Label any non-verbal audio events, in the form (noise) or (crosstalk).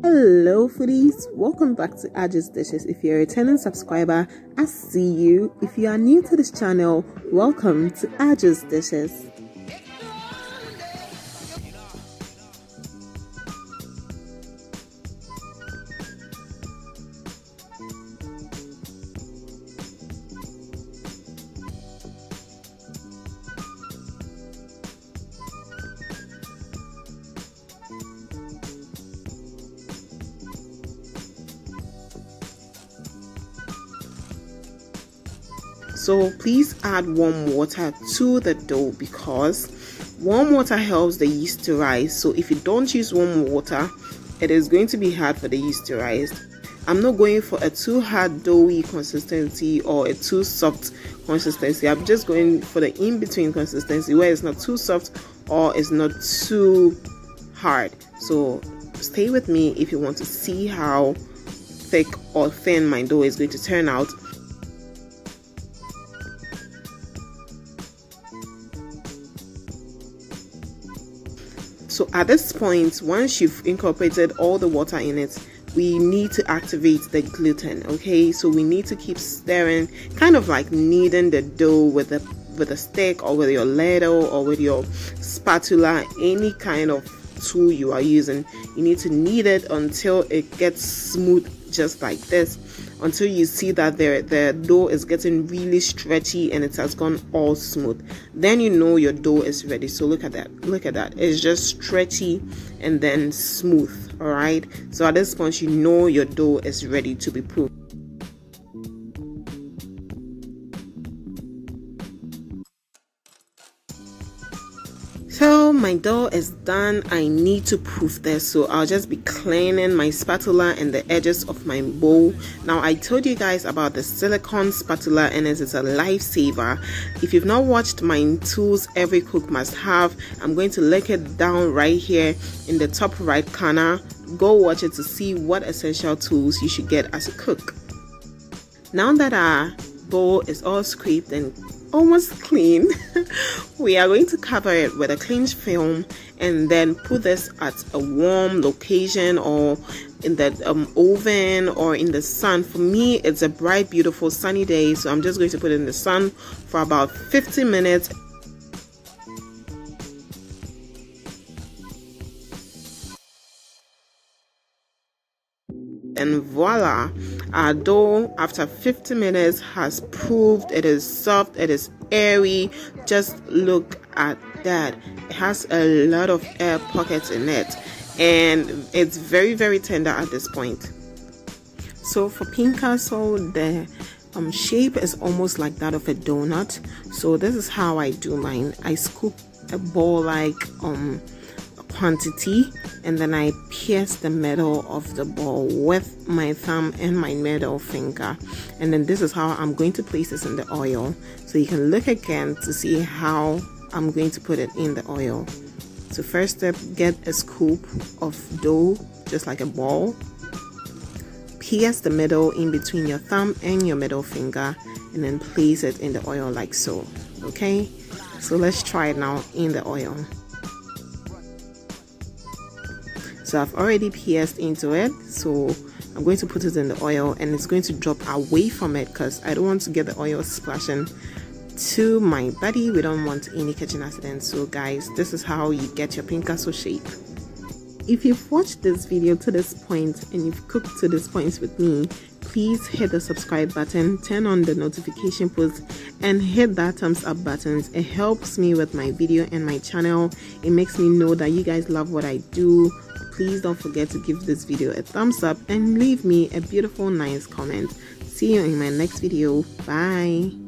Hello, foodies. Welcome back to Aj's Dishes. If you're a returning subscriber, I see you. If you are new to this channel, welcome to Aj's Dishes. So please add warm water to the dough because warm water helps the yeast to rise. So if you don't use warm water, it is going to be hard for the yeast to rise. I'm not going for a too hard doughy consistency or a too soft consistency. I'm just going for the in-between consistency where it's not too soft or it's not too hard. So stay with me if you want to see how thick or thin my dough is going to turn out So at this point, once you've incorporated all the water in it, we need to activate the gluten, okay? So we need to keep stirring, kind of like kneading the dough with a with a stick or with your ladle or with your spatula, any kind of tool you are using. You need to knead it until it gets smooth just like this until you see that the, the dough is getting really stretchy and it has gone all smooth then you know your dough is ready so look at that look at that it's just stretchy and then smooth all right so at this point you know your dough is ready to be proved Oh, my dough is done I need to proof this so I'll just be cleaning my spatula and the edges of my bowl now I told you guys about the silicone spatula and it is a lifesaver if you've not watched my tools every cook must have I'm going to link it down right here in the top right corner go watch it to see what essential tools you should get as a cook now that our bowl is all scraped and almost clean (laughs) we are going to cover it with a clean film and then put this at a warm location or in the um, oven or in the sun for me it's a bright beautiful sunny day so i'm just going to put it in the sun for about 50 minutes and voila our dough after 50 minutes has proved it is soft it is airy just look at that it has a lot of air pockets in it and it's very very tender at this point so for pink castle the um, shape is almost like that of a donut so this is how i do mine i scoop a ball like um quantity and then I pierce the middle of the ball with my thumb and my middle finger and then this is how I'm going to place this in the oil so you can look again to see how I'm going to put it in the oil so first step get a scoop of dough just like a ball pierce the middle in between your thumb and your middle finger and then place it in the oil like so okay so let's try it now in the oil so I've already pierced into it so I'm going to put it in the oil and it's going to drop away from it because I don't want to get the oil splashing to my body we don't want any kitchen accidents so guys this is how you get your pink castle shape if you've watched this video to this point and you've cooked to this point with me please hit the subscribe button turn on the notification post and hit that thumbs up buttons it helps me with my video and my channel it makes me know that you guys love what i do please don't forget to give this video a thumbs up and leave me a beautiful nice comment see you in my next video bye